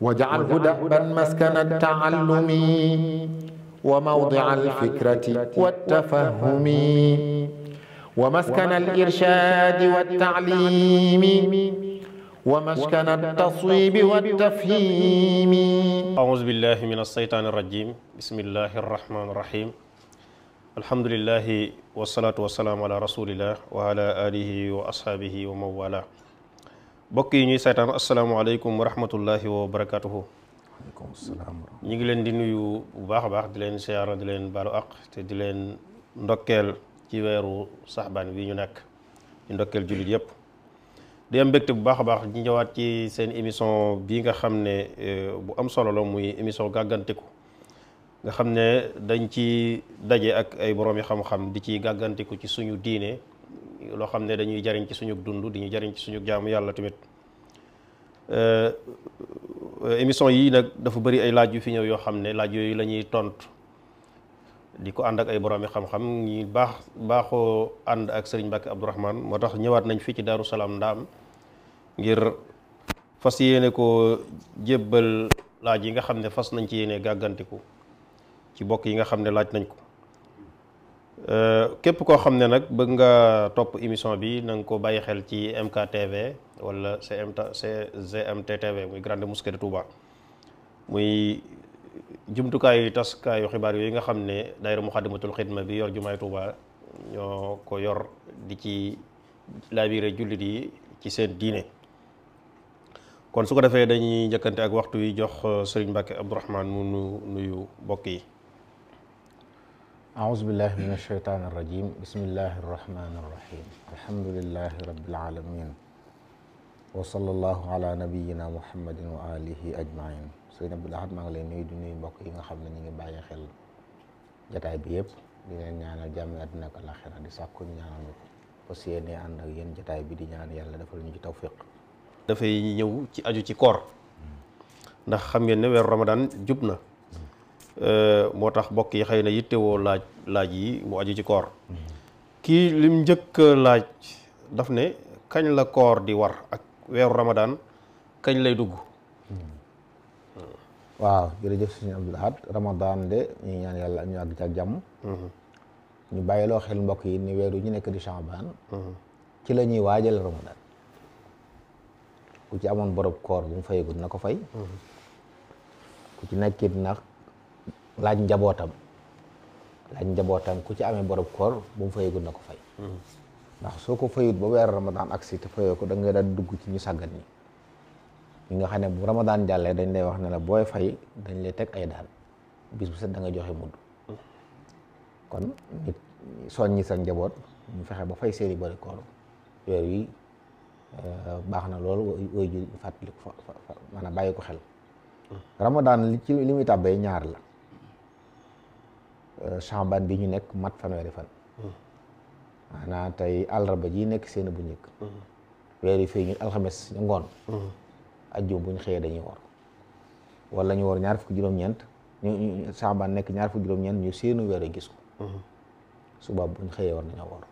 واجعله دأبا مسكن التعلم وموضع الفكرة والتفهم ومسكن الإرشاد والتعليم ومسكن التصويب والتفهيم أعوذ بالله من الشيطان الرجيم بسم الله الرحمن الرحيم الحمد لله والصلاة والسلام على رسول الله وعلى آله وأصحابه ومن والاه mbokk yi ñuy saytaan asalaamaaleykum wa rahmatullahi wa barakatuhu waaleykum salaam ngi leen di nuyu bu baax a baax di leen siyaara di leen baalu àq te di leen ndokkeel ci weeru saxbaan wi ñu nekk di ndokkeel jullit yëpp di am mbégte bu baax a baax ñu ñëwaat ci seen émission bii nga xam ne eh, bu am solo la muy émission gàggantiku nga xam ne dañ ci daje ak ay boroomi xam-xam di ci gàggantiku ci suñu diine loo xam ne dañuy jariñ ci suñu dund di jariñ ci suñu jaamu yàlla tamit euh, euh, émission yi nag dafa bari ay laaj yu fi ñëw yoo xam ne laaj yooyu la ñuy tontu di ko ànd ak ay boroomi xam-xam ñi baax baaxoo ànd ak Serigne Mbacke Abdourahmane moo tax ñëwaat nañ fii ci Daaru Salaam Ndaam ngir fas yéene ko jébbal laaj yi nga xam ne fas nañ ci yéene gàggantiku ci bokk yi nga xam ne laaj nañ ko Euh, képp koo xam ne nag bëgg nga topp émission bi nanga ko bàyyi xel ci MKTV wala CMT GMTTV muy Grande Mosquée de Touba muy jumtukaayu taskaayu xibaar yooyu nga xam ne daayira Muxaddamatul Xidma bi yor jumaay Touba ñoo ko yor di ci laabire jullit yi ci seen diine kon su ko defee dañuy njëkkante ak waxtu yi jox Serigne Mbacke Abdourahmane mu nu nuyu mbokk yi أعوذ بالله من الشيطان الرجيم بسم الله الرحمن الرحيم الحمد لله رب العالمين وصلى الله على نبينا محمد وآله أجمعين sëñ Abdou Lahad maa ngi lay nuyu di nuyu yi nga xam ne ñu ngi bàyyi xel jataay bi yëpp di leen ñaanal jàmm àddina ak àllaaxira di sàkku ñu ñaanal ñu ko fas yéene ànd ak yéen jataay bi di ñaan yàlla defal ñu ci tawfiq dafay ñëw ci aju ci koor hmm. ndax xam ngeen ne weeru Ramadan jub na Euh, moo tax mbokk yi xëy na yittewoo laaj laaj yi mu aju ci koor kii lim njëkk laaj daf ne kañ la koor di war ak weeru ramadaan kañ lay dugg hmm. waaw jërëjëf sëñ Abdul Ahad ramadaan de ñu ñaan yàlla ñu àgg ca hmm. ñu bàyyiloo xel mbokk yi ni weeru ñu nekk di Shaaban hmm. ci la ñuy waajal ku ci amoon borob koor bu mu fayagut na ko fay ku ci nekkit nag laaj njabootam laaj njabootam ku ci amee borom koor bu mu fayagul na ko fay. ndax soo ko fayut ba weer Ramadan agsi te fayoo ko da ngay daal dugg ci ñu sàggan ñi. ñi nga xam ne bu Ramadan jàllee dañ lay wax ne la booy fay dañ lay teg ay daan bis bu set da nga joxe mudd. kon nit soññi sa njaboot mu fexe ba fay seeni borom koor weer wi euh, baax na lool wóoy ju fàttali ko fa maanaam bàyyi ko xel. Ramadan li ci li muy tàbbee ñaar la. chamban bi ñu nekk mat fanweeri fan maanaam tey àllarba ji nekk seen bu njëkk weeri fii ñu alxames ñu ngoon ajjum buñ xëyee dañuy wor wala ñu wor ñaar fukki juróom-ñeent ñu chamban nekk ñaar fukki ñu seenu weer gis ko suba buñ xëyee war nañoo wor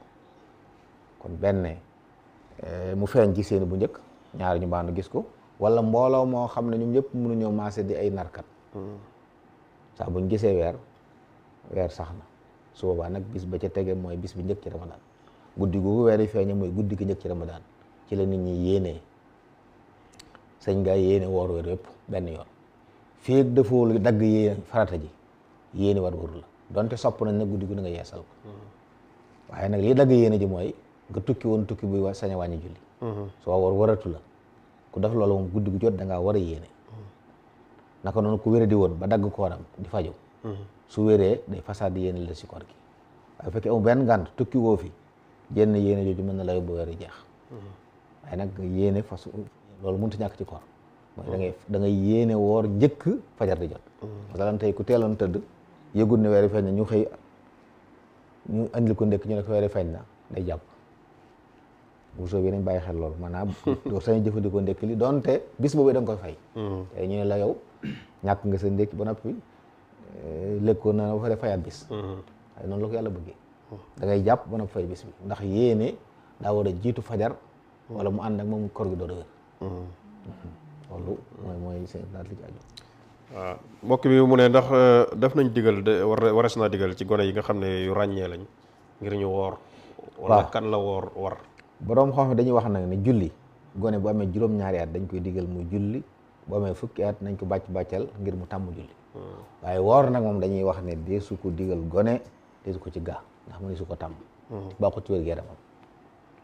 kon benn eh, mu feeñ ci seen bu njëkk ñaari ñu baanu gis ko wala mbooloo moo xam ne ñoom ñëpp mënuñoo maase di ay narkat saa buñ gisee weer weer sax na su boobaa nag bis ba ca tege mooy bis bi ci ramadaan guddi googu weer yi feeñe mooy guddi gi njëkk ci ramadaan ci la nit ñi yéenee sëñ nga yéene woor weer yëpp benn yoon fii ak defoo lu farata ji yéene war waru la donte sopp na nga yeesal ko mm-hmm. nag lii dagg yéene mooy nga woon tukki buy wa sañ a mm-hmm. waratu la ku def loolu moom guddi gu jot da war a yéene mm-hmm. naka noonu ku wéra di woon ba dagg kooram di faju su wéree day fasaad yéene la si koor gi waaye fekkee amu benn ngànt tukki woo fi jenn yéene jooju mën na la yóbbu weer jeex waaye nag yéene fas loolu mënut a ñàkk ci koor mooy da woor njëkk fajar di jot masalan tey ku teeloon tëdd yëgul ne weeri feeñ na ñu xëy ñu andil ko ndekk ñu ne ko weeri feeñ na day jàpp buso bi nañ bàyyi xel lool maanaam doo sañ jëfandikoo ndekk donte bis boobu da ko koy fay mm-hmm. tey ñu ne la ñàkk nga sa ndekki ba noppi Euh, lëkkoon naa ba pare fayaat bis mhm. waaye noonu la ko yàlla bëggee dangay jàpp ba nag fay bis bi ndax yéene daa war a jiitu fajar wala mu ànd ak moom kor gi doo dëgër mhm. mhm. loolu mooy seen daal li ci ah, bi mu ne ndax euh, def nañ digal de warees naa digal ci gone yi nga xam ne yu ràññee lañ ngir ñu woor wala kan la woor war boroom xam dañuy wax nag ne julli gone bu amee juróom-ñaari at dañ koy digal mu julli bu amee fukki at nañ ko bàcc bàccal ngir mu tàmm julli waaye woor nag moom dañuy wax ne dee su ko digal gone dee su ko ci gaa ndax mu ne su ko tàmm mhm. baaxul ci wér-gu-yaramam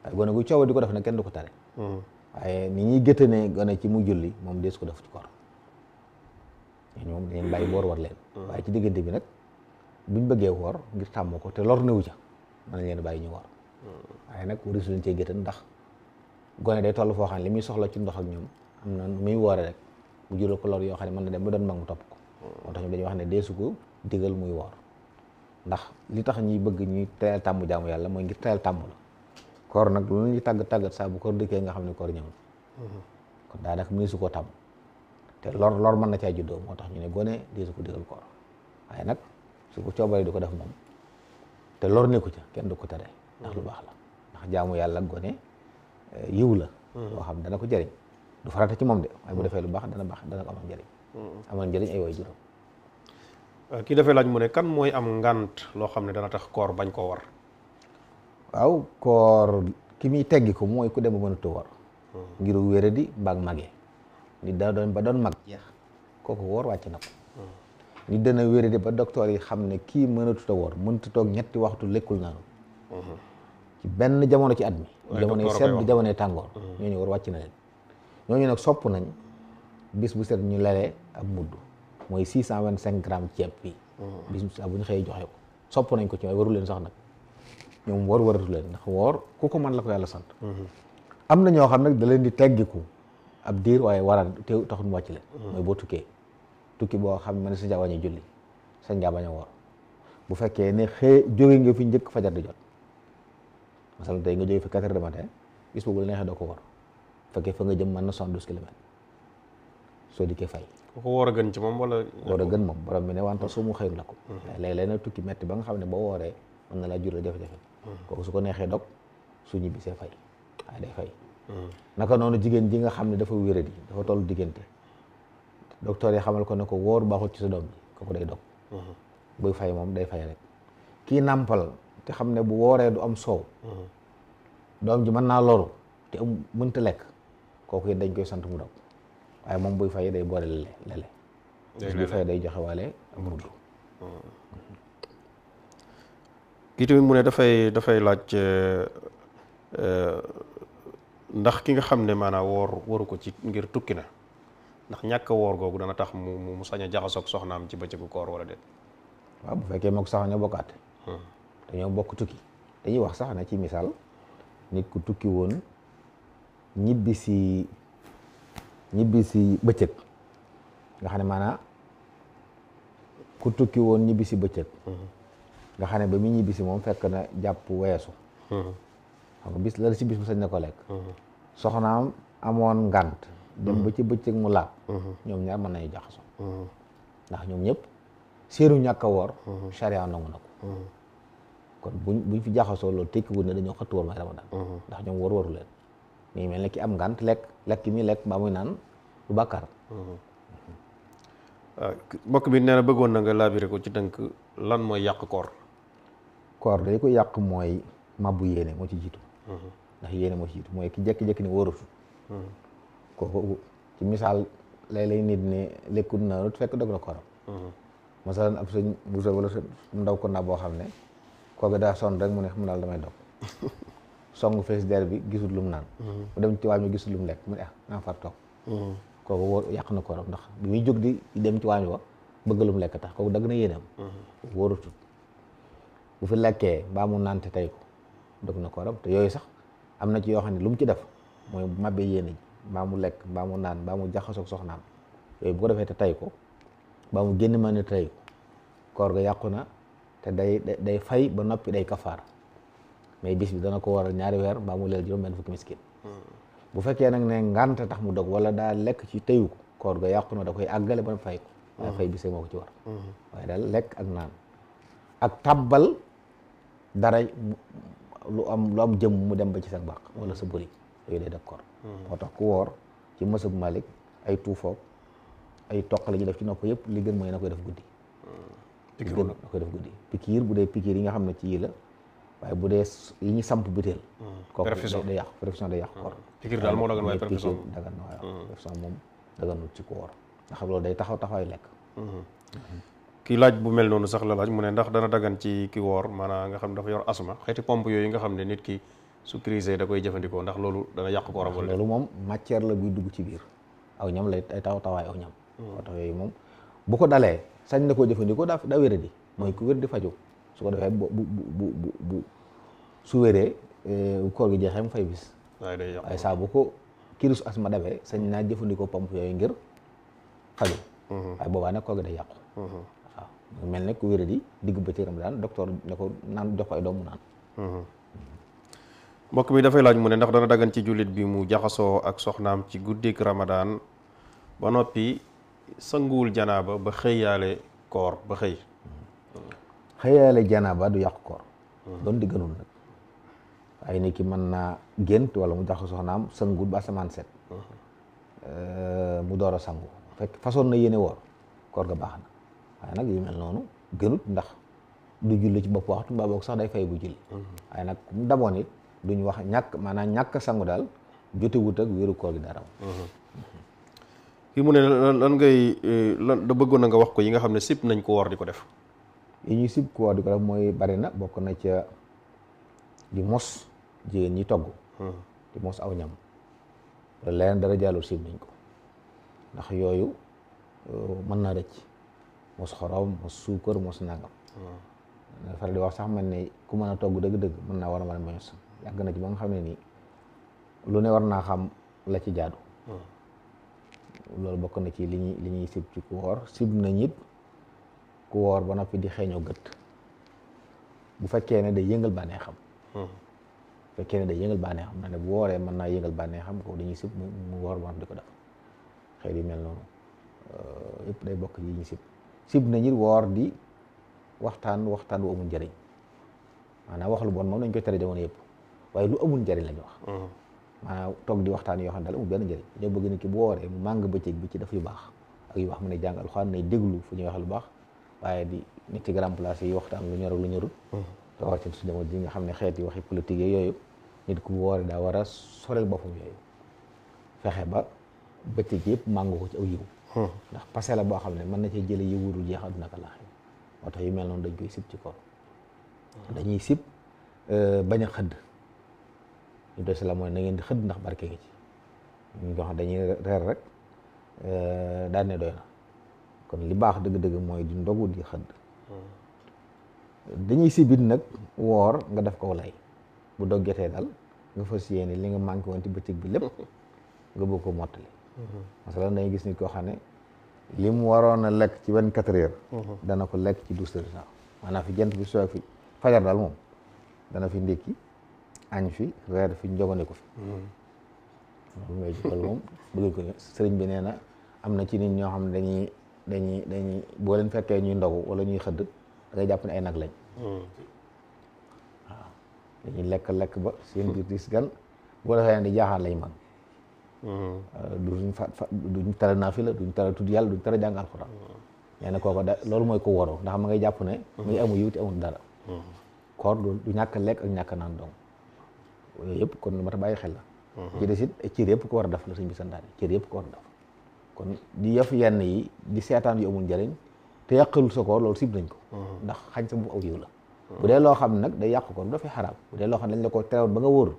waaye gone gu coow di ko def nag kenn du ko tare mhm. waaye ni ñuy gëtënee gone ci mu julli moom dee ko def ci koor ñooñu moom dañuy bàyyi leen mhm. ci diggante bi nag buñ bëggee woor ngir tàmm ko te lor newu ca mën nañ leen bàyyi ñu woor waaye nag warisu leen cee gëtën ndax gone day tollu foo xam ne li muy soxla ci ndox ak ñoom am na nu muy woore rek mu jural ko lor yoo xam ne mën na dem ba doon mag mu topp moo tax ñu dañuy wax ne deesu ko digal muy woor ndax li tax ñuy bëgg ñu teel tàmm jaamu yàlla mooy ngi teel tàmm la koor nag lu ñuy tàgg tàggat saa bu koor dikkee nga xam ne koor ñëw kon daanaka mu su ko tàmm te lor lor mën na caa juddoo moo tax ñu ne gone deesu ko digal koor waaye nag su ko coobaree di ko def moom te nekku ca kenn du ko tere ndax lu baax la ndax jaamu yàlla gone eh, yiw la hmm. loo xam dana ko jëriñ du farata ci moom de waaye bu defee lu baax dana baax dana ko amal njëriñ Mm-hmm. amal njëriñ ay waajur euh, kii dafay laaj mu ne kan mooy am ngànt loo xam ne dana tax koor bañ koo war waaw koor ki muy teggi ko mooy ku dem ba mënatu war mm-hmm. ngir wéra di baag magee nit dana doon ba doon mag jeex kooku woor wàcc na ko mm-hmm. nit dana wéra di ba docteur yi xam ne kii mënatu ta woor mënatu toog ñetti waxtu lekkul naanu ci benn jamono ci at mi jamonoy sedd jamonoy tàngoor ñooñu war wàcc na leen ñooñu nag sopp nañ bis bu set ñu lelee am mudd mooy six cent vingt cinq grammes ceeb bi hmm. bis bu set bu ñu xëyee joxe ko sopp nañ ko ci waay waru leen sax nag ñoom woor waratu leen ndax woor ku mën la ko yàlla sant hmm. am na ñoo xam nag da leen di teggiku ab diir waaye waral teew taxul mu wàcc leen hmm. mooy boo tukkee tukki boo xam man sañ ngaa bañ a julli sañ ngaa bañ woor bu fekkee ne xëy jóge nga fi njëkk fajar di jot masal tey nga jóge fi quatre heures de matin bis boobu la neexee doo ko woor fekkee fa nga jëm mën na soixante-douze kilomètres soo dikkee fay ko woor a gën ci moom wala woor a gën moom borom bi ne wante su mu xëyul la ko mhm. léeg-léeg na tukki metti ba nga xam ne ba wooree mën na laa jural jafe-jafe mhm. su ko neexee dog su ñibbisee fay day fay mhm. naka noonu jigéen ji nga xam ne dafa wéradi dafa toll diggante docteur yi xamal ko ne ko wóor baaxul ci sa doom bi kooku day dog buy fay moom day fay rek kii nàmpal te xam ne bu wooree du am soow doom ji mën naa loru te mënta lekk kooku it dañ koy sant mu dog waaye moom buy fay day boole lele lele buy fay day joxe waale mudd kii tamit mu ne dafay dafay laaj euh, euh, ndax ki nga xam ne maanaam woor waru ko ci ngir tukki na ndax ñàkk woor googu dana tax mu mu sañ a jaxasoog soxnaam ci bëccëgu koor wala de waaw bu fekkee mook sax ñoo bokkaat hmm. dañoo bokk tukki dañuy wax sax na ci misaal nit ku tukki woon ñibbi ñibbi si bëccëg nga xam ne maanaam ku tukki woon ñibbisi si bëccëg ba mu ñibbi si moom fekk na jàpp weesu xam nga bis la si bis mu sañ na ko lekk soxnaam amoon ngànt dem ba ci bëccëg mu laab ñoom ñaar mën nañu jaxaso ndax ñoom ñëpp séeru ñàkk a woor charia nangu na ko kon buñ buñ fi jaxasoo loolu tekkiwul ne dañoo xëtt woor may ndax ñoom woor waru leen mi mel ne ki am ngànt lekk lekk mi lekk mbaa naan du bàkkaar. Euh, mbokk bi nee bëggoon na nga laabire ko ci tënk lan mooy yàq koor. koor day ko yàq mooy mabbu yéene moo ci jiitu. ndax yéene moo ciitu mooy ki jékki-jékki ni wóoratu. kooku ci misaal lay lay nit ni lekkut na fekk dog na kooram. masalan ab sëñ bu wala sëñ ndaw ko na boo xam ne kooku daa sonn rek mu ne xam daal damay dog songu fees der bi gisul lum naan mhm. mu dem ci waañ mi gisul lum lekk mu ne ah naa far toog mhm. kooku wóor yàq na kooram ndax bu muy jóg di dem ci waañ wa bëgg lum lekk tax kooku dagg na yéeneem mhm. wóorutul bu lekkee mbaa mu tey ko na kooram te yooyu sax am na ci yoo xam ne lu ci def mooy mabbe yéene ji mbaa mu lekk mbaa mu naan mbaa mu jaxasoog soxnaam yooyu bu ko defee te tey ko mbaa mu génn mën a tey koor ga yàqu na te day day fay ba noppi day kafaar mais bis bi dana ko waral ñaari weer mbaa mu leel juróom benn fukki miskin hmm. bu fekkee nag ne ngànta tax mu dog wala daa lekk ci teyu ko koor ga yàqu na da koy àggale ba fay hmm. fay bisee moo ko ci war hmm. waaye daal lekk ak naan ak tàbbal dara lu am lu am jëm mu dem ba ci sa mbaq wala sa bëri yooyu day def koor moo tax ku woor ci mësab malik ay tuufoog ay toq la ñu def ci nopp yëpp li gën mooy na koy def guddi pikiir bu dee pikiir yi nga xam ne ci yi waaye bu dee yi ñu samp butéel. Hmm. perfusion kooku day yàqu perfusion day yàqu hmm. koor. pikir daal moo dagan waaye perfusion moom dagan na waaw hmm. moom daganul ci koor nga xam loolu day taxaw taxawaay lekk. kii laaj bu mel noonu sax la laaj mu ne ndax dana dagan ci ki woor maanaam nga xam ne dafa yor asma xeeti pompe yooyu nga xam ne nit ki su crise da koy jëfandikoo ndax loolu dana yàq kooram wala loolu moom matière la buy dugg ci biir aw ñam lay ay taxaw taxawaay aw ñam. taxaw yooyu moom bu ko dalee sañ na koo jëfandikoo daa daa wéradi mooy ku wér di faju su ko defee bu bu bu bu bu su wéree eh, koor gi jeexee mu fay bis. waaye saa bu ko kiris asma dabee sañ naa jëfandikoo pomp yooyu ngir faju mhm. waaye boobaa nag koor gi day yàqu. Mhm. waaw mel ne ku wéree di digg ba ci Ramadan docteur ne ko naan jox ko ay doom mu naan. Mhm. mbokk bi dafay laaj mu ne ndax dana dagan ci jullit bi mu jaxasoo ak soxnaam ci guddik Ramadan ba noppi sanguwul janaaba ba xëyaale koor ba xëy. xëyaale janaaba du yàqu koor doon di gënul nag ay ni ki mën naa gént wala mu jaxasoo soxnaam sëngul ba asamaan set euh, mu door a sangu fekk façon na yéene woor koor ga baax na waaye nag yu mel noonu gënut ndax du julli ci bopp waxtu mbaa boog sax day fay bu julli waaye nag mu daboon it duñ wax ñàkk maanaa ñàkk sangu daal jotewut ak wéeru koor gi dara kii mu ne lan ngay lan da bëggoon na nga wax ko yi nga xam ne sip nañ ko woor di ko def yi ñuy sib quoi di ko def mooy bari na bokk na ca di mos jigéen ñi togg hmm. di mos aw ñam wala leneen dara jàllul sib nañ ko ndax yooyu euh, mën naa rëcc mos xorom mos suukar mos nangam da hmm. faral di wax sax man ne ku mën a togg dëgg-dëgg mën naa war a mën a mos yàgg na ci ba nga xam ne nii lu ne war naa xam la ci jaadu hmm. loolu bokk na ci li ñuy li ñuy sib ci ku sib nañ it ku woor ba noppi di xeeñoo gët bu fekkee ne day yëngal bànnee xam hmm. bu fekkee ne day yëngal bànnee xam na ne bu wooree mën naa yëngal bànnee xam ko dañuy sib mu woor ba noppi di ko def xeet yu mel noonu euh, yëpp day bokk yi ñu sib sib nañu woor di waxtaan waxtaan wu amul njëriñ maanaam wax lu bon moom nañ koy tere jamono yëpp waaye lu amul njëriñ lañu wax hmm. maanaam toog di waxtaan yoo xam ne daal amul benn njëriñ ñoo bëgg nit ki bu wooree mu màng bëccëg bi ci daf yu baax ak yu baax mu ne jàng alxuraan nay déglu fu ñuy wax lu baax waaye di nit ci grand place yi waxtaan lu ñor lu ñorul mm-hmm. rawatina su jamono ji nga xam ne xeet yi waxi politique yooyu nit ku woore daa war a sorel boppam yooyu fexe ba bëccëg yëpp màngu ko ci aw yiw mm-hmm. ndax passé la boo xam ne mën na cee jële yiw du jeex àdduna ak laaxi moo tax yu mel noonu dañ koy sib ci koor mm-hmm. dañuy sib euh, bañ xëdd ñu doy si la mooy na ngeen di xëdd ndax barke ngi ci ñu ko xam dañuy reer rek euh, daan ne kon li baax dëgg-dëgg mooy di ndogu di xëdd dañuy sibit nag woor nga def ko lay bu doggetee dal nga fas yéene li nga manqué woon bi lépp nga bëgg ko mottali masalan dañuy gis nit koo xam ne li mu waroon a lekk ci benn quatre heures dana ko lekk ci douze heures sax maanaam fi jant bi soo fi fajar daal moom dana fi ndékki sëriñ bi nee am na ci nit ñoo xam ne dañuy dañuy dañuy boo leen fekkee ñuy ndogu wala ñuy xëdd da jàpp ne ay nag lañ. Hmm. waaw dañuy lekk lekk ba seen biir dis gan boo defee ne di jaaxaan lañ man hmm. euh, duñ fa fa duñ tere naafila duñ tere tudd yàlla duñ tere jàng alxuraan. Hmm. nee na kooku da loolu mooy ko ndax ma ngay jàpp ne. mu ngi amul yiw te amul dara. du ñàkk lekk ak naan dong yooyu yëpp kon lu mat a bàyyi xel la. ci des it yëpp ko war a def la suñ bi santaane cër yëpp ko war a def. kon di yaf yenn yi di seetaan yu amul njëriñ te yàqalul sa koor loolu sib nañ ko uh-huh. ndax xañ sa bu aw yiw la uh-huh. bu dee loo xam nag day yàq koor dafay xaraam bu dee loo xam ne dañ la ko nga wóor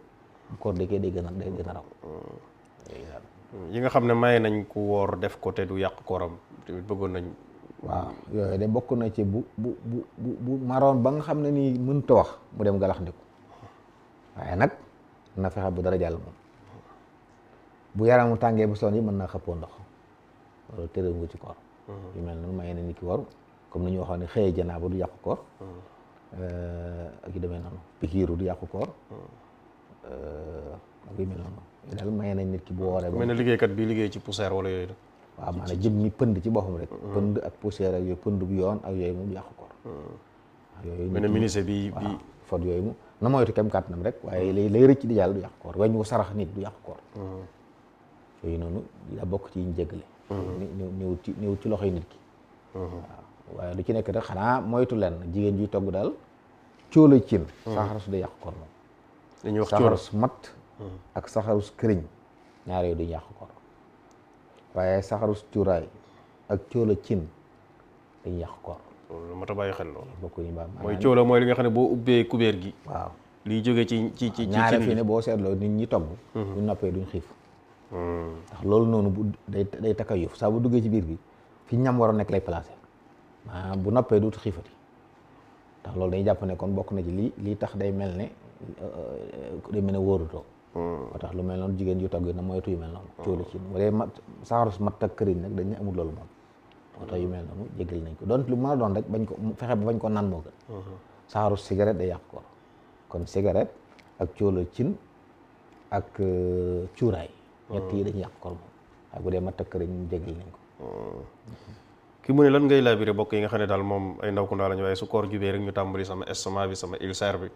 koor da day gën a day gën uh-huh. nga xam ne maye nañ ku woor def ko te du yàq kooram tamit bëggoon nañ waaw yooyu de bokk na ci bu bu bu maroon ba nga xam ne nii mënta wax mu dem galax ndiku waaye nag na fexe bu dara jàll moom bu yaramu tàngee bu son yi mën naa xëppoo ndox loolu terewul nga ci koor. Mm-hmm. yu mel noonu maye na nit ki waru comme ni ñu waxoon ne xëye janaaba du yàqu koor. Mm-hmm. Euh, ak yu demee noonu pikiiru du yàqu koor. Mm-hmm. Euh, ak yu mel noonu daal maye nañ nit ki bu wooree. ba mel ne liggéeykat bi liggéey ci poussière wala yooyu la. waaw maanaam jëm mi pënd ci boppam rek. pënd ak poussière ak yooyu pënd yoon ak yooyu moom yàqu koor. yooyu mel ne ministre bi bi yooyu mu na kàttanam rek waaye lay lay rëcc di jàll du yàqu koor weñ wu sarax nit du yàqu koor. noonu daa bokk ci yiñ jéggale ñëw mm-hmm. ñëw ci loxoy nit ki. Mm-hmm. waaye lu ci nekk rek xanaa moytu leen jigéen juy togg daal cóolu cin. Mm-hmm. saxaru su day yàq koor moom. dañuy mat. ak saxaru su këriñ ñaar yooyu duñ yàq koor waaye saxaru su cuuraay ak cóolu cin dañ yàq koor. loolu mat a bàyyi loolu. bokk nañu ba mooy cóolu mooy li nga xam ne boo ubbee kubéer gi. waaw liy jógee ci ci ci ci. ñaare fi ne boo seetloo nit ñi togg. bu noppee duñ xiif. ndax loolu noonu bu day day takka yëf saa bu duggee ci biir bi fi ñam waroon nekk lay placé maanaam bu noppee duutu xiifati ndax loolu day jàpp ne kon bokk na ci lii lii tax day mel ne euh, day mel ne wóorutoo. moo hmm. tax lu mel noonu jigéen yu togg na moytu yu mel noonu. Hmm. cóolu ci bu mat saxaru mat ak këriñ nag dañuy amul loolu moom. moo tax yu mel noonu nañ ko doon lu mën a doon rek bañ ko ba ko naan moo gën. Hmm. saxaru cigarette day yàq ko kon cigarette ak cóolu cin ak euh, cuuraay. ñett yi dañuy yàq koor waaye bu dee ma takk rek ñu jégal nañ ko ki mu ne lan ngay laabiré bokk yi nga xam ne daal moom ay ndaw ku ndaw lañu waaye su koor jubee rek ñu tàmbali sama estomac bi sama ulcère bi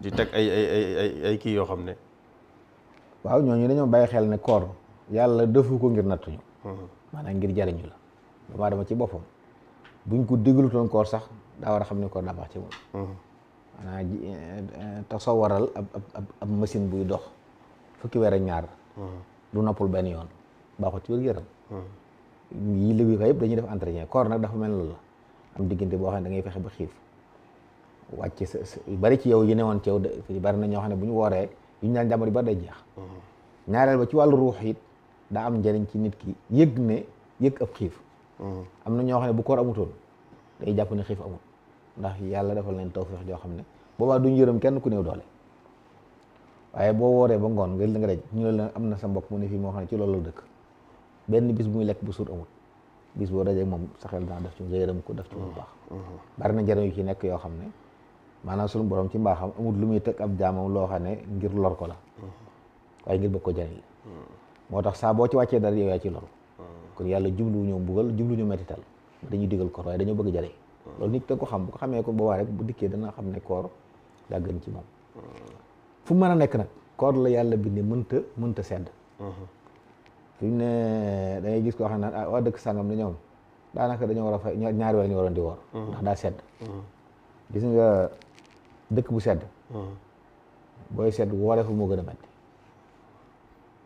di teg ay kii yoo xam ne waaw ñooñu dañoo bàyyi xel ne koor yàlla defu ko ngir nattuñu maanaam ngir jariñu la dama dama ci boppam buñ ko déglutoon koor sax daa war a xam ne koor daa baax ci moom maanaam eh, eh, tasawaral ab ab ab machine buy dox fukki weer ak ñaar du noppul benn yoon baaxul ci wér yaram hmm. yi liggéey ko yëpp dañuy def entretien koor nag dafa mel loolu la am diggante boo xam ne da ngay fexe ba xiif wàcc sa bari ci yow yi newoon ci yow bari na ñoo xam ne bu ñu wooree yu ñu daan jàmbar day jeex hmm. ñaareel ba ci wàllu ruux it am njëriñ ci nit ki yëg ne yëg xiif hmm. am na ñoo xam ne bu koor amutoon day jàpp ne xiif amut ndax yàlla defal leen tawfeex joo xam ne boobaa duñ yërëm kenn ku néew doole waaye boo wooree ba ngoon nga nga daj ñu la am na sa mbokk moo xam ne ci loolu la benn bis bu lekk bu suur amul boo dajee moom sa xel def ci nga yërëm ko def ci lu baax mm-hmm. Mm-hmm. bari na njëriñ yu ci nekk yoo xam ne maanaam suñu borom ci mbaaxam amul lu muy teg ab jaamam loo xam ne ngir lor ko la mm-hmm. waaye ngir bëgg ko jëriñ moo tax saa boo ci wàccee dara yow ci lor kon yàlla jublu ñoo mbugal jublu ñu mettital dañuy digal koor waaye dañoo bëgg jëriñ loolu nit da ko xam bu ko xamee ko boobaa rek bu dikkee dana xam ne koor daa gën ci moom fu mën a nekk nag koor la yàlla bindee mënta mënta sedd uh-huh. fi mu ne dangay gis koo xam ne ah waa dëkk sàngam da ñoom daanaka dañoo war a fay ñaari weer ñu waroon di woor uh-huh. ndax daa sedd uh-huh. gis nga dëkk bu sedd booy sedd wooree fa moo gën a metti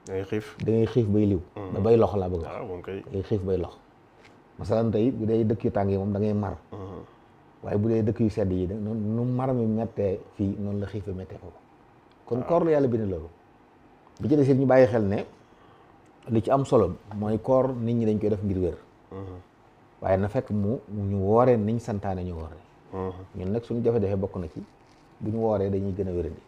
dangay xiif dangay xiif bay liw da bay lox laa bëgg ah, dangay xiif bay lox masalan tey bu dee dëkk yu tàng yi moom da ngay mar waaye bu dee dëkk yu sedd yi da noonu nu mar mi mettee fii noonu la xiif bi mettee foofu kon koor la yàlla bind loolu bi ci des ñu bàyyi xel ne li ci am solo mooy koor nit ñi dañ koy def ngir wér waaye na fekk mu ñu wooree niñ santaane ñu wooree ñun nag suñu jafe-jafe bokk na ci bu ñu wooree dañuy gën a wéradi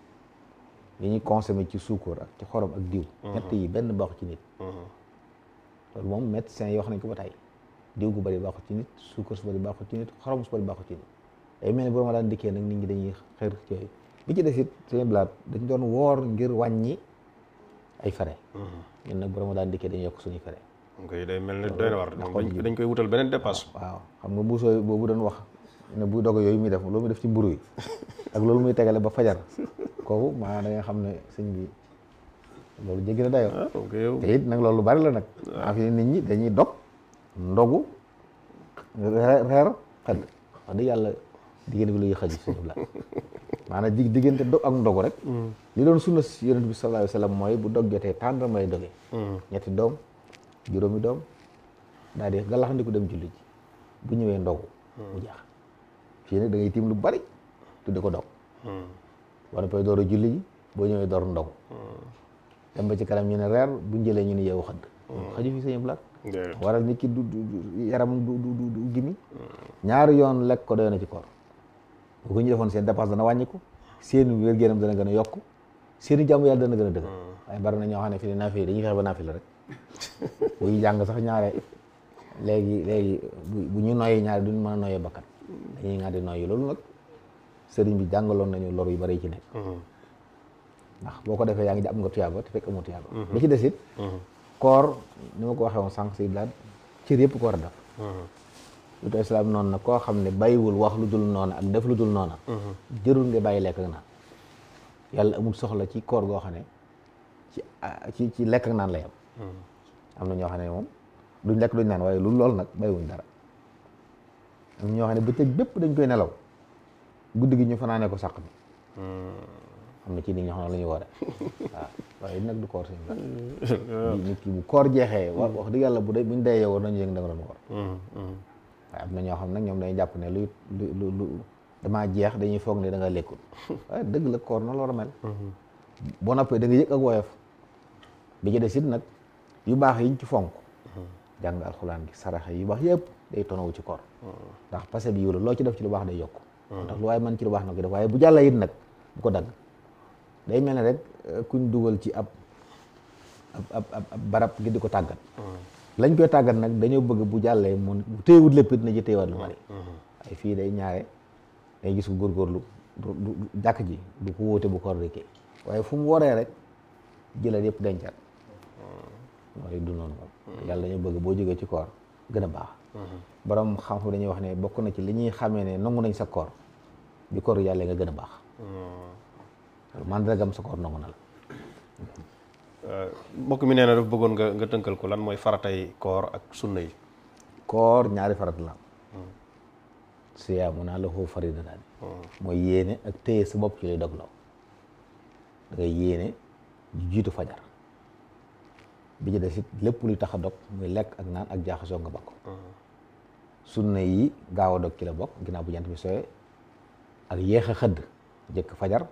li ñuy consommé ci suukóor ak ci xorom ak diw ñett yi benn baaxu ci nit loolu moom médecin yi wax nañ ko ba tey gu bari baaxu ci nit su bari baaxu ci nit xorom su bari baaxu ci nit day mel ni bu ma daan dikkee nag nit ñi dañuy xër bi ci des it seen blaat dañ doon woor ngir wàññi ay frais mm-hmm. ñun nag bu Ramadan dikkee dañuy yokk suñuy frais koy day mel ni doy na war dañ koy wutal beneen dépasse waaw xam nga mbuusoo boobu doon wax ne bu dogo yooyu muy def loolu muy def ci mburu yi ak loolu muy tegale ba fajar kooku maa da nga xam ne sëñ bi loolu jéggi na dayoo ah, te it nag loolu bari la nag ah. en fait nit ñi dañuy dog ndogu reer xel wax yàlla diggante bi luy xaju suñu la di diggante dog ak ndogu rek li doon sunna yonent bi sallallahu alayhi wa mooy bu dog jotee tàndarma lay doge ñetti doom juróomi doom daal di galaxandiku dem julli bu ñëwee ndogu mu jeex lu bari tudde ko dog war na door a boo ñëwee door ndogu dem ba ci kanam ñu ne reer bu njëlee ñu ne yeewu xadd xaju fi sañu black waral nit yaram gimi ñaari yoon lekk ko doy na ci bu ko ñu defoon seen dépense dana wàññiku seen wér-gu-yaram dana gën a yokk seen i jàmm yàlla dana gën a hmm. bari na ñoo ne fi ne naafi dañuy fexe ba naafi la rek bu ñu sax ñaare léegi léegi bu ñu noyyi ñaare duñ mën a noyyee bakkan dañuy ngaa loolu nag sëriñ bi jàngaloon nañu lor yu bari ci nekk hmm. ndax boo ko defee yaa ngi di am nga tuyaaba te fekk amoo tuyaaba hmm. li ci desit it koor ni ma ko waxee woon sànq si daal cër yëpp ko war a def lu islam noonu nag koo xam ne bàyyiwul wax lu dul noona ak def lu dul noona mhm. jërul nga bàyyi lekk ak naan yàlla amul soxla ci koor goo xam ne ci ah, ci ci lekk ak naan la yam mhm. am na ñoo xam ne moom duñ lekk duñ naan waaye lu lool nag bàyyiwuñ dara am na ñoo xam ne bëccëg bépp dañ koy nelaw guddi gi ñu fanaane ko saq bi mhm. am na ci nit ñoo xam ne la ñu war waaw waaye nag du koor sëñ bi nit ki bu koor jeexee wax dëgg yàlla bu dee buñ dee yow war nañu yëng da doon waaye am na ñoo xam nag ñoom dañuy jàpp ne luy lu lu damaa jeex dañuy foog ne da nga lekkul waaye dëgg la koor na loolu mel mhm. boo noppee da nga yëg ak woyof bi ci de it nag yu baax yiñ ci fonk mhm. jàng alxuraan gi saraxa yu baax yëpp day tonawu ci koor mhm. ndax passé bi yiw la loo ci def ci lu baax day yokk ndax lu waaye mën ci lu baax na ko def waaye bu jàlla it nag bu ko dagg day mel ne rek euh, kuñ dugal ci ab ab ab barab gi di ko tàggat lañ koy tàggat nag dañoo bëgg bu jàllee mun bu téyewut lépp dina na ci lu bari mm-hmm. ay fii day ñaare day gis ko góor du jàkk ji du ko wóote bu koor rek waaye fu mu waree rek jëlal yëpp dencaat mm-hmm. mooy du noonu moom mm-hmm. yàlla dañoo bëgg boo jógee ci koor gën a baax borom xam-xam dañuy wax ne bokk na ci li ñuy xamee ne nangu nañ sa koor bi koor yàlla nga gën a baax mandargam sa koor nangu na la mbokk mi nee a daf bëggoon nga nga tënkal ko lan mooy faratay koor ak sunna yi. koor ñaari farat la. siyaamu naa la foofu farida daal. Hmm. mooy yéene ak téye sa bopp ci lay dogloo. da ngay yéene jiitu fajar. bi ci des it lépp luy tax dog muy lekk ak naan ak jaaxasoo nga bakko hmm. sunna yi gaaw a dog ci la bokk ginnaaw bu jant bi sooyee ak yéex a jëkk fajar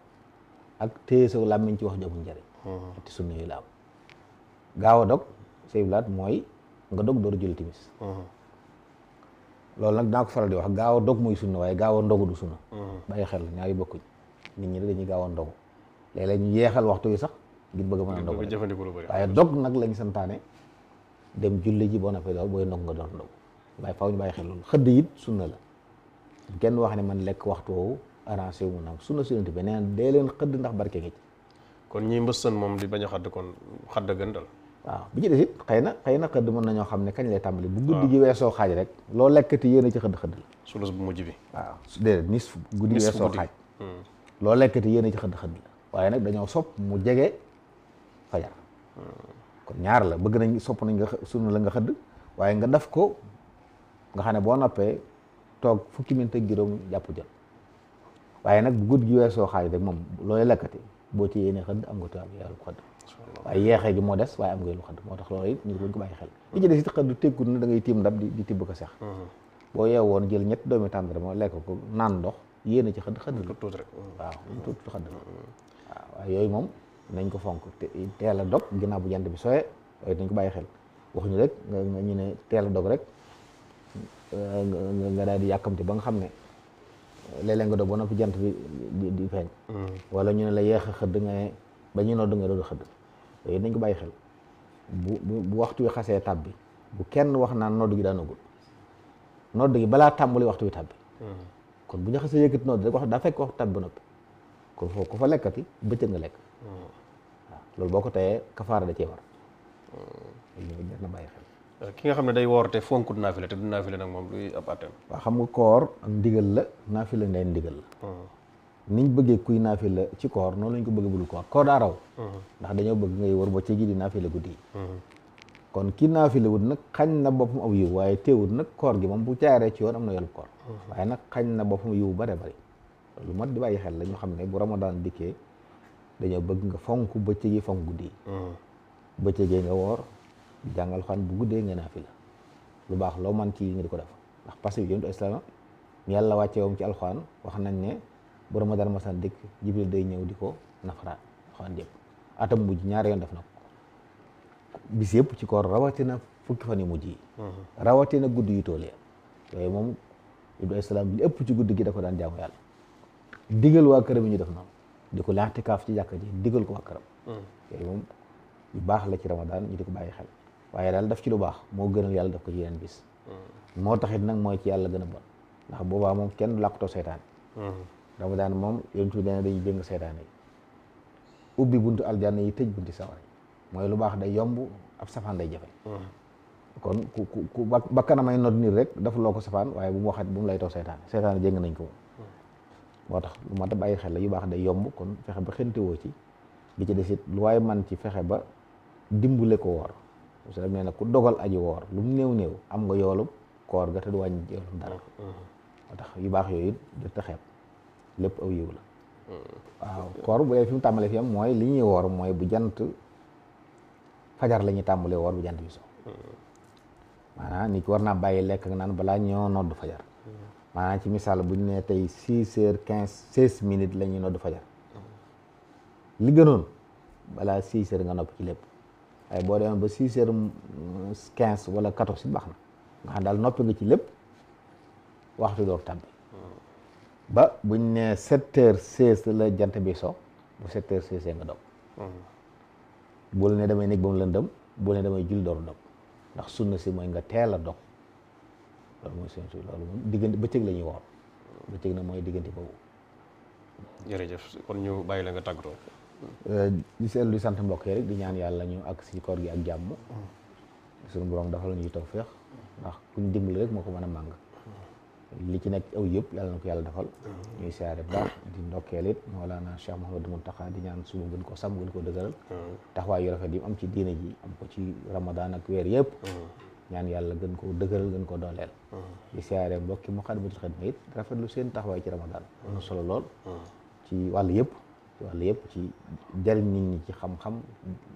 ak téye sa làmmiñ ci wax ju amul Uh-huh. te sunna yi la am gaaw a dog say bilaat mooy nga dog door a julli timis uh-huh. loolu nag dinaa ko faral di wax gaaw dog mooy sunna waaye gaaw a ndogu du sunna uh-huh. bàyyi xel ñaari bokkuñ nit ñi dañuy gaaw a ndogu léeg-léeg ñu yeexal waxtu wi sax ngir bëgg mën a ndogu waaye dog nag lañ santaane dem julli ji boo na fay booy ndog nga doon ndog waaye faaw ñu bàyyi xel loolu xëdd it sunna la kenn wax ne man lekk waxtu woowu arrangé wu mu naam sunna sunante bi nee dee leen xëdd ndax barke ngi ci kon ñiy mbëssan moom di bañ a xadd kon xadd gëndal waaw bi ci des it xëy na xëy na xëdd mën nañoo xam ne kañ lay tàmbali bu guddi gi weesoo xaaj rek loo lekkati yéen a ci xëdd xëdd la sulus bu mujj bi waaw déedéet nis guddi weesoo xaaj hmm. loo lekkati yéen a ci waaye nag dañoo sopp mu jege fajar hmm. kon ñaar la bëgg nañ sopp nañ nga sunu la nga xëdd waaye nga def ko nga xam ne boo nappee toog fukki minute ak jàpp jot waaye nag bu guddi gi weesoo xaaj rek moom looy lekkati boo ci yéene xëdd am nga tuyaab yàlla xëdd waaye yeexee gi moo des waaye am nga yàlla xëdd moo tax loolu it ñu buñ ko bàyyi xel li ci des it xëdd tekkul na da ngay tiim ndab ko sex mhm. boo yeewoon jël ñett doomi tàndarma lekk ko naan ndox yéene ci xëdd xëdd la tuuti rek mhm. waaw tuuti xëdd la mhm. waaw waaye yooyu moom nañ ko fonk teel a dog ginnaaw bu jant bi sooyee waaye nañ ko bàyyi xel waxuñu rek nga ñu ne teel a dog rek nga daal di yàkkamti ba nga xam ne léeg-léeg nga doog ba noppi jant bi di feeñ. Mm. wala ñu ne la yeex a xëdd nga ne ba ñu nodd nga doog a xëdd yooyu dañ ko bàyyi xel bu bu waxtu wi xasee tàbbi bu kenn wax naan nodd gi daanagul nodd gi balaa tàmbali waxtu wi tàbbi. Mm. kon bu ñu xasee yëkkati nodd rek wax daa fekk wax tàbbi ba noppi kon foofu ku fa lekkati bëccëg nga lekk. Mm. loolu boo ko tayee kafaara da cee war. loolu na bàyyi xel. ki nga xam ne day woor te fonkut naafila te du naafila nag moom luy ab atem waaw xam nga koor ak ndigal la naafila ndey ndigal la hmm. niñ bëggee kuy naafila ci koor noonu lañ ko bëgg bul koor koor raw hmm. ndax dañoo bëgg ngay wor bëccëg gi di naafila guddi yi hmm. kon ki naafila wut nag xañ na boppam aw yiw waaye teewut nag koor gi moom bu jaaree ci yoon am na yoon koor waaye nag xañ na boppam yiw bare bari lu mat di bàyyi xel la ñu xam ne bu ramadaan dikkee dañoo bëgg nga fonk bëccëg yi fonk guddi yi bëccëgee nga woor jàngal xaan bu guddee ngeen naafila lu baax loo man ci yi di ko def ndax parce que yonent islaam ni yàlla wàcce woon ci alxuraan wax nañ ne bu ramadan masan dikk jibril day ñëw di ko nafaraat alxuraan yëpp atam mujj ñaari yoon def na ko bis yëpp ci koor rawatina fukki fan yu mujj rawatina gudd yu tool yooyu moom ibnu islam li ëpp ci guddi gi da daan jaamu yàlla digal waa këram yi ñu def noonu di ko laatikaaf ci jàkka ji digal ko waa këram yooyu moom yu baax la ci ramadan ñu di ko bàyyi xel waaye daal def ci lu baax moo gënal yàlla daf ko ci yeneen bis moo taxit nag mooy ci yàlla gën a bon ndax boobaa moom kenn du làqutoo seytaan ramadaan moom yonent bi nee na dañuy jëng seytaan yi ubbi buntu aljanna yi tëj bunti sawar yi mooy lu baax day yomb ab safaan day jafe kon ku ku ku ba kanamay noot nit rek dafa ko safaan waaye bu mu waxat bu mu lay taw seytaan seytaan jëng nañ ko moo tax lu mat a bàyyi xel la yu baax day yomb kon fexe ba xente ci bi ci desit lu waaye man ci fexe ba dimbule ko woor su nee na ku dogal aji woor lu mu néew néew am nga yoolub koor ga te du wàññi dara tax yu baax yooyu du taxeeb lépp aw yiw la waaw koor bu dee fi mu tàmbalee fi mooy li ñuy woor mooy bu jant fajar la ñuy tàmbalee woor bu jant bi so maanaam nit ki war naa bàyyi lekk ak naan balaa ñoo nodd fajar maanaam ci misaal bu ñu nee tey six heures quinze seize minutes la ñuy nodd fajar li gënoon balaa six heures nga nopp ci lépp waaye boo demee ba six heures quinze wala si baax na nga xam daal noppi nga ci lépp waxtu door tàbbi ba buñ ne sept heures la jant bi soo bu sept heures seize nga dog bul ne damay nekk ba mu lëndëm bul ne damay jul door dog ndax sunna si mooy nga teel a dog loolu mooy seen su loolu moom diggante cëg la ñuy woor bëccëg na mooy diggante boobu jërëjëf kon ñu bàyyi la nga tàggatoo Euh, di seetlu di sant mbokk yi di ñaan yàlla ñu ak si koor gi ak jàmm suñu borom dafa la ñuy feex ndax ku ñu dimbali rek moo ko mën a màng li ci nekk aw yëpp yàlla na ko yàlla defal ñuy siyaare baax di ndokkeel it Mawlana Cheikh Mouhamadou Mountakha di ñaan suñu gën ko sàmm gën ko dëgëral taxawaay yu rafet yi am ci diine ji am ko ci ramadan ak weer yëpp ñaan yàlla gën ko dëgërël gën ko dooleel di siyaare mbokki Moukhaddamatoul Khidma it rafetlu seen taxawaay ci ramadan am na solo lool ci wàll yëpp wàllu yëpp ci jariñ nit ñi ci xam-xam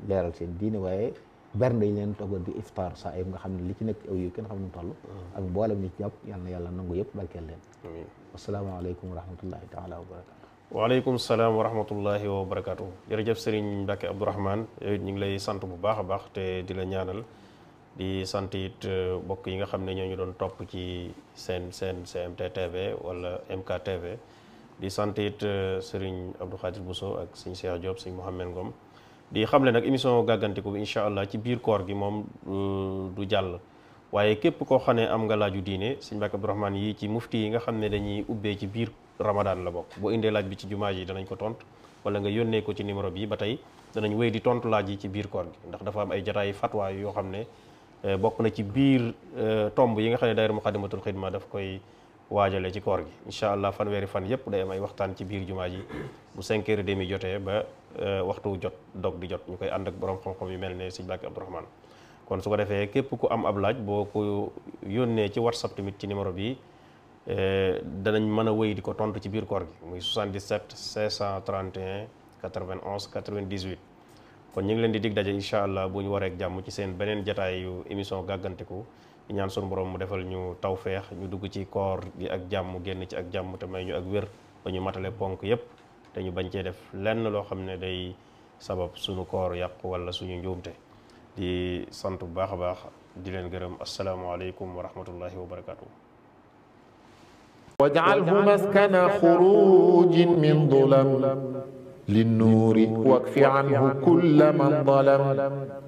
leeral seen diine waaye bernde yi leen toggal di iftaar saa yëpp nga xam ne li ci nekk aw yi kenn xam nu toll mm. ak mboolem ñi ci jàpp yal na yàlla nangu yëpp barkeel leen amiin wasalaamaaleykum wa rahmatullahi taala wa barakatu waaleykum salaam wa rahmatullahi wa barakatu jërëjëf sëriñ Mbacke Abdourahmane yow ñu ngi lay sant bu baax a baax te di la ñaanal di sant it euh, mbokk yi nga xam ne ñoo ñu doon topp ci seen seen GMT TV wala MKTV di sant it euh, Serigne Abdou Khadir Bousso ak Serigne Cheikh Diop Serigne Mouhamed Ngom di xamle nag émission gàggantiku bi incha allah ci biir koor gi moom euh, du jàll waaye képp koo xam ne am nga laaju diine Serigne Mbacke Abdourahmane yi ci mufti yi nga xam ne dañuy ubbee ci biir Ramadan la bokk boo indee laaj bi ci jumaa ji danañ ko tont wala nga yónnee ko ci numéro bi ba tey danañ wéy di tontu laaj yi ci biir koor gi ndax dafa am ay jotaayu fatwa yoo xam ne euh, bokk na ci biir tomb yi nga xam ne daayira Muxaddamatul Xidma daf koy. waajale ci koor gi incha allah fanweeri fan yëpp day am ay waxtaan ci biir jumaa ji bu cinq heures mi jotee ba euh, waxtu jot dog di jot ñu koy ànd ak borom xam-xam yu mel ne sëñ Mbàkke Abdourahmane kon su ko defee képp ku am ab laaj boo ko yónnee ci whatsapp tamit ci numéro bi euh, danañ mën a wéy di ko tontu ci biir koor gi muy 77 531 91 98 kon ñu ngi leen di dig daje incha allah bu ñu wareek jàmm ci seen beneen jataayu émission gàggantiku di ñaan sunu borom mu defal ñu tawféex ñu dugg ci koor gi ak jàmm génn ci ak jàmm te may ñu ak wér ba matale ponk yépp te bañ cee def lenn loo xam ne day sabab suñu koor yàqu wala suñu njuumte di sant bu baax a baax di leen gërëm asalaamualeykum wa rahmatullahi wa barakatuh واجعله مسكن خروج من ظلم للنور واكف عنه كل من ظلم